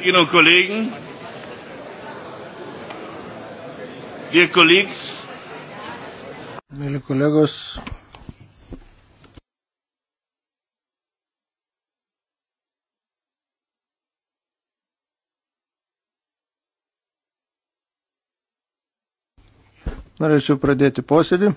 Kolleginnen und Kollegen, dear colleagues, Mėly kolegos, norėčiau pradėti posėdį.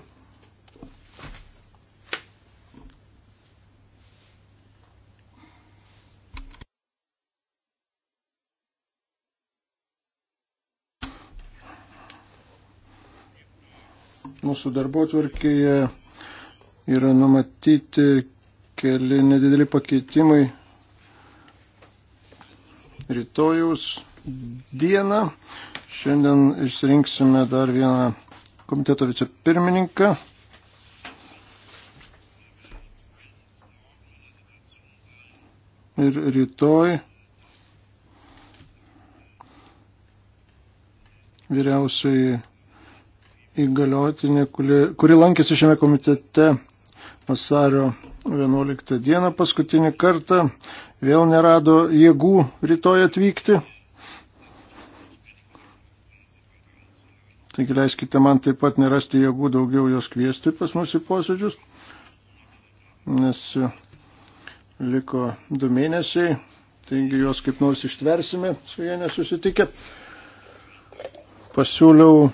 mūsų darbo tvarkėje yra numatyti keli nedideli pakeitimai rytojaus dieną. Šiandien išsirinksime dar vieną komiteto vicepirmininką. Ir rytoj vyriausiai įgaliotinė, kuri, kuri lankėsi šiame komitete vasario 11 dieną paskutinį kartą, vėl nerado jėgų rytoj atvykti. Taigi leiskite man taip pat nerasti jėgų daugiau jos kviesti pas mus į posėdžius, nes liko du mėnesiai, taigi jos kaip nors ištversime su jie nesusitikę. Pasiūliau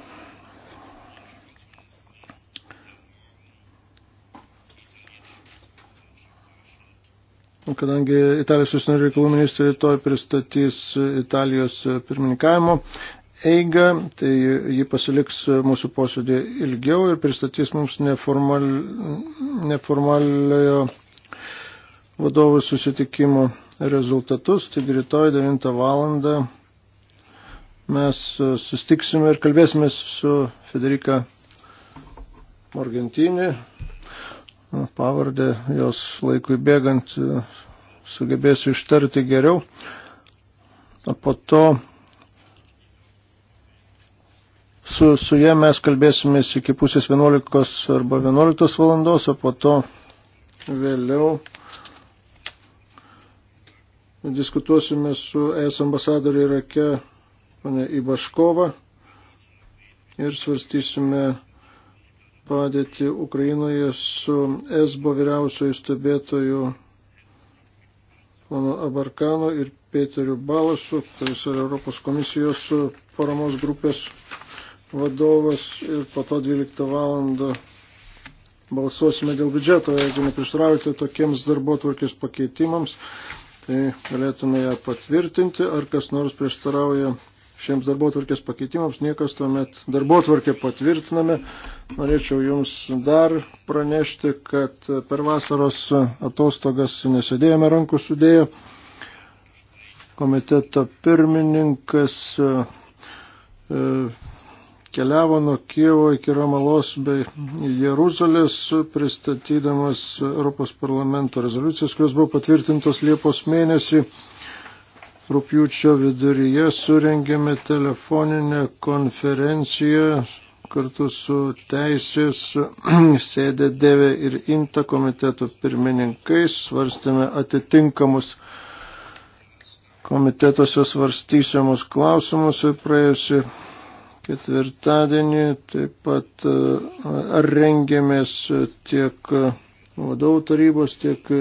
kadangi Italijos užsienio reikalų ministrai rytoj pristatys Italijos pirmininkavimo eigą, tai ji pasiliks mūsų posėdį ilgiau ir pristatys mums neformal, neformaliojo vadovų susitikimo rezultatus. Taigi rytoj 9 valandą mes sustiksime ir kalbėsime su Federika Morgantini pavardę, jos laikui bėgant e, sugebėsiu ištarti geriau. O po to su, su jie mes kalbėsimės iki pusės 11 arba 11 valandos, o po to vėliau diskutuosime su ES ambasadoriu Irake, pane Ibaškova, ir svarstysime padėtį Ukrainoje su ESBO vyriausioju stebėtoju mano Abarkano ir Peteriu Balasu, kuris yra Europos komisijos paramos grupės vadovas ir po to 12 valandą balsuosime dėl biudžeto, jeigu neprištaraujate tokiems darbo tvarkės pakeitimams, tai galėtume ją patvirtinti, ar kas nors prieštarauja šiems darbotvarkės pakeitimams, niekas tuomet darbotvarkę patvirtiname. Norėčiau Jums dar pranešti, kad per vasaros atostogas nesėdėjome rankų sudėję. Komiteto pirmininkas e, keliavo nuo Kievo iki Ramalos bei Jeruzalės, pristatydamas Europos parlamento rezoliucijas, kurios buvo patvirtintos Liepos mėnesį. Rūpiučio viduryje surengėme telefoninę konferenciją kartu su teisės sėdė dėvė ir inta komitetų pirmininkais, svarstėme atitinkamus komitetuose svarstysiamus klausimus ir praėjusi ketvirtadienį taip pat ar e, rengėmės tiek vadovų tarybos, tiek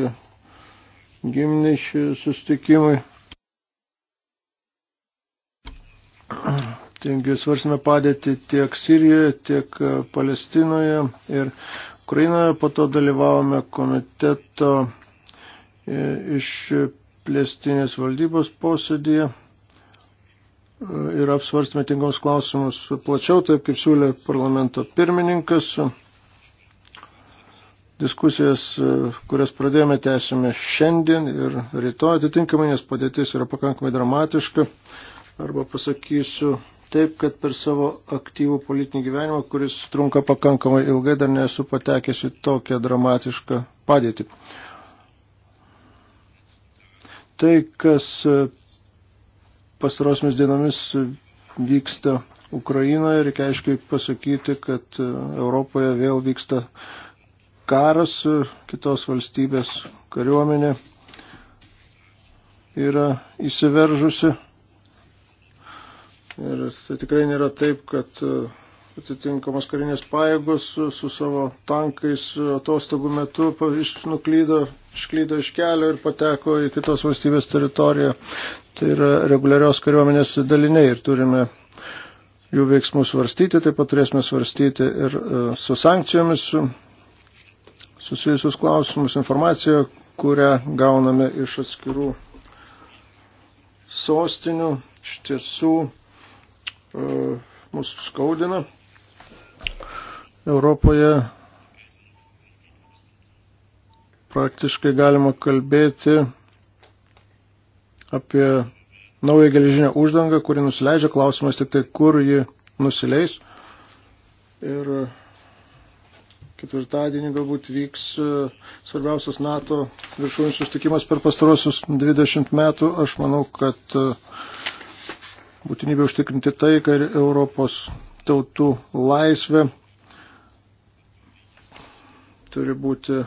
gimnišių sustikimai. Taigi svarsime padėti tiek Sirijoje, tiek e, Palestinoje ir Ukrainoje. Po to dalyvavome komiteto e, iš plėstinės valdybos posėdėje e, ir apsvarstėme tinkamus klausimus plačiau, taip kaip siūlė parlamento pirmininkas. Diskusijas, kurias pradėjome, tęsime šiandien ir rytoj atitinkamai, nes padėtis yra pakankamai dramatiška arba pasakysiu taip, kad per savo aktyvų politinį gyvenimą, kuris trunka pakankamai ilgai, dar nesu patekęs į tokią dramatišką padėtį. Tai, kas pastarosmis dienomis vyksta Ukrainoje, reikia aiškiai pasakyti, kad Europoje vėl vyksta karas, kitos valstybės kariuomenė yra įsiveržusi Ir tai tikrai nėra taip, kad e, atitinkamos karinės pajėgos su, su savo tankais e, atostogų metu nuklydo, išklydo iš kelio ir pateko į kitos valstybės teritoriją. Tai yra reguliarios kariuomenės daliniai ir turime jų veiksmus svarstyti, taip pat turėsime svarstyti ir e, su sankcijomis su, susijusius klausimus, informaciją, kurią gauname iš atskirų sostinių. Iš tiesų, E, mus skaudina. Europoje praktiškai galima kalbėti apie naują geležinę uždangą, kuri nusileidžia, klausimas tik tai, kur ji nusileis. Ir ketvirtadienį galbūt vyks e, svarbiausias NATO viršūnių sustikimas per pastarosius 20 metų. Aš manau, kad e, būtinybė užtikrinti taiką ir Europos tautų laisvę turi būti e,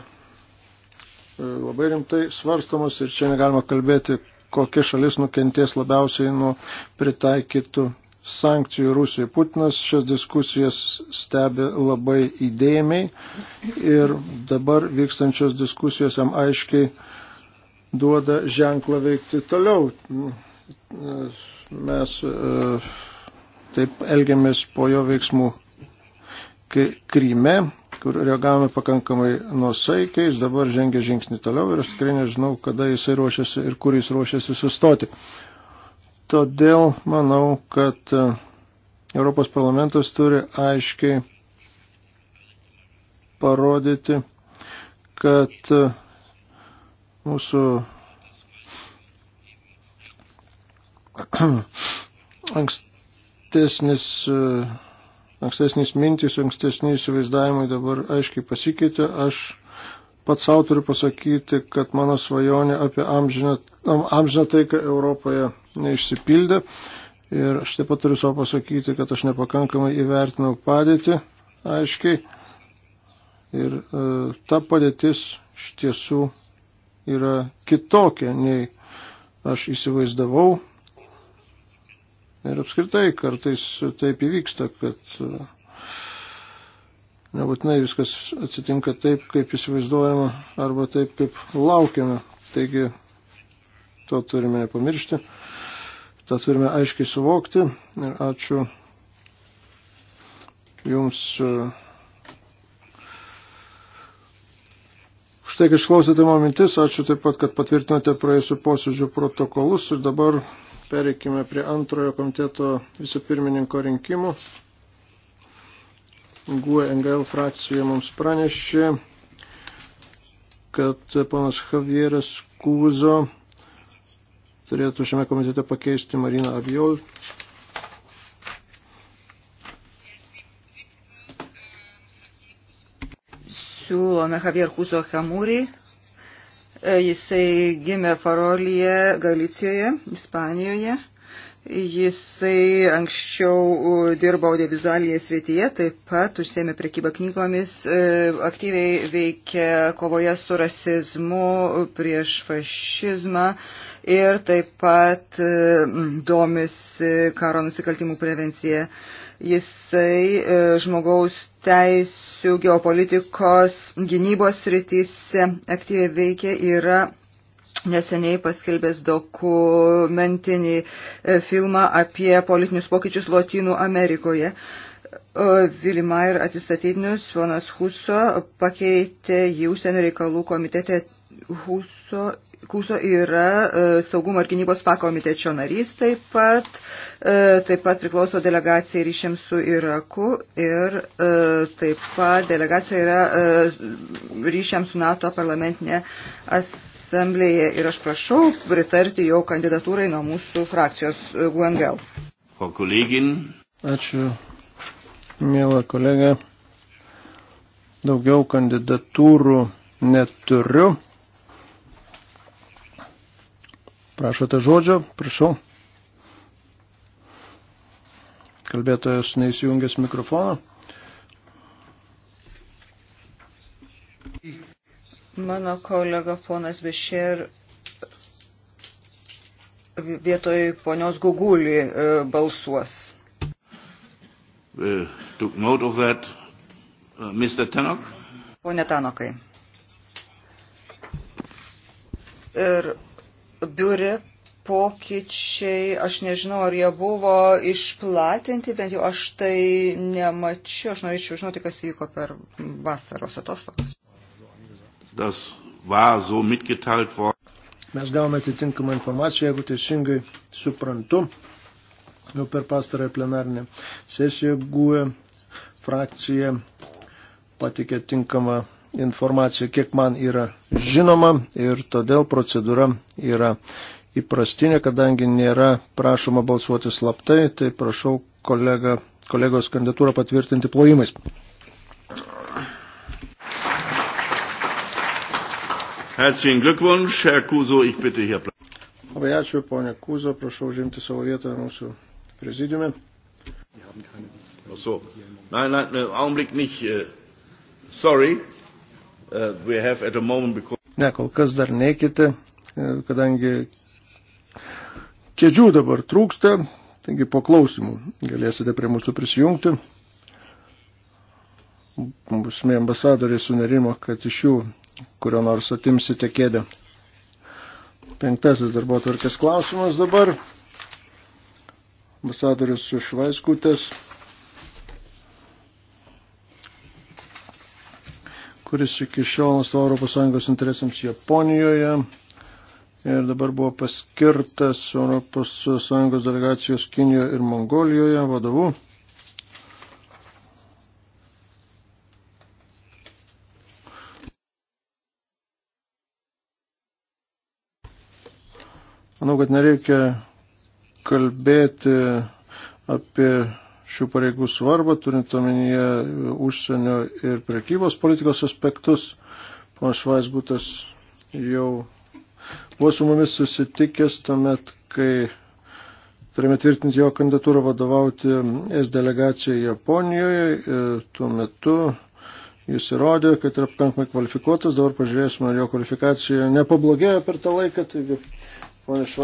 labai rimtai svarstomas ir čia negalima kalbėti, kokia šalis nukentės labiausiai nuo pritaikytų sankcijų Rusijai. Putinas šias diskusijas stebi labai įdėmiai ir dabar vykstančios diskusijos jam aiškiai duoda ženklą veikti toliau. Mes e, taip elgiamės po jo veiksmų Kryme, kur reagavome pakankamai nusaikiai, jis dabar žengia žingsnį toliau ir aš tikrai nežinau, kada jisai ruošiasi ir kur jis ruošiasi sustoti. Todėl manau, kad e, Europos parlamentas turi aiškiai parodyti, kad e, mūsų ankstesnis, e, ankstesnis mintys, ankstesni įsivaizdavimai dabar aiškiai pasikeitė. Aš pats savo turiu pasakyti, kad mano svajonė apie amžiną, amžiną taiką Europoje neišsipildė. Ir aš taip pat turiu savo pasakyti, kad aš nepakankamai įvertinau padėtį aiškiai. Ir e, ta padėtis iš tiesų yra kitokia, nei aš įsivaizdavau Ir apskritai kartais taip įvyksta, kad e, nebūtinai viskas atsitinka taip, kaip įsivaizduojama, arba taip, kaip laukiame. Taigi to turime nepamiršti, tą turime aiškiai suvokti. Ir ačiū Jums e, už tai, kad išklausėte mano mintis, ačiū taip pat, kad patvirtinote praėjusių posėdžių protokolus ir dabar Pereikime prie antrojo komiteto vicepirmininko rinkimų. GUNGL frakcija mums pranešė, kad panas Javieras Kūzo turėtų šiame komitete pakeisti Mariną Abjol. Siūlome Javier Kūzo Hamūrį Jisai gimė Farolyje, Galicijoje, Ispanijoje. Jisai anksčiau dirbo audiovizualinėje srityje, taip pat užsėmė prekybą knygomis, e, aktyviai veikė kovoje su rasizmu, prieš fašizmą ir taip pat e, domisi karo nusikaltimų prevencija. Jisai e, žmogaus teisų, geopolitikos, gynybos rytise aktyviai veikia, yra neseniai paskelbęs dokumentinį e, filmą apie politinius pokyčius Lotynų Amerikoje. Vilimai e, ir atsistatydinius ponas Huso pakeitė jį užsienio reikalų komitete Huso, Huso yra e, saugumo ir gynybos pakomitečio narys taip pat, e, taip pat priklauso delegacijai ryšiams su Iraku ir e, taip pat delegacija yra e, ryšiams su NATO parlamentinė asamblėje ir aš prašau pritarti jo kandidatūrai nuo mūsų frakcijos e, Guangel. Ačiū, mėla kolega. Daugiau kandidatūrų neturiu. Prašote žodžio, prašau. Kalbėtojas neįsijungęs mikrofoną. Mano kolega ponas Bešer vietoj ponios Gugulį e, balsuos. Uh, took note of that. Uh, Mr. Tanok. Pone Tanokai. Ir biure pokyčiai, aš nežinau, ar jie buvo išplatinti, bent jau aš tai nemačiau, aš norėčiau žinoti, kas įvyko per vasaros atostogas. Das war so mitgeteilt worden. Mes gavome atitinkamą informaciją, jeigu teisingai suprantu, jau per pastarąją plenarinę sesiją GUE frakcija patikė tinkamą informacija, kiek man yra žinoma ir todėl procedūra yra įprastinė, kadangi nėra prašoma balsuoti slaptai, tai prašau kolega, kolegos kandidatūrą patvirtinti plojimais. Herzlichen Glückwunsch, Herr Kuso, ich bitte hier bleiben. Labai ačiū, ponė Kūzo, prašau žimti savo vietą mūsų prezidiume. Ach so. Nein, nein, Augenblick nicht. Äh, sorry. Uh, because... Ne, kol kas dar neikite, kadangi kėdžių dabar trūksta, taigi po klausimų galėsite prie mūsų prisijungti. Būsimi ambasadoriai sunerimo, kad iš jų kurio nors atimsite kėdę. Penktasis darbo tvarkės klausimas dabar. Ambasadorius iš Vaiskutės. kuris iki šiol atstovavo ES interesams Japonijoje ir dabar buvo paskirtas ES delegacijos Kinijoje ir Mongolijoje vadovu. Manau, kad nereikia kalbėti apie šių pareigų svarbą, turint omenyje užsienio ir prekybos politikos aspektus. Pana Švaisbutas jau buvo su mumis susitikęs tuomet, kai turime tvirtinti jo kandidatūrą vadovauti S delegacijai Japonijoje. Tuo metu jis įrodė, kad yra pakankamai kvalifikuotas, dabar pažiūrėsime, ar jo kvalifikacija nepablogėjo per tą laiką. Taigi,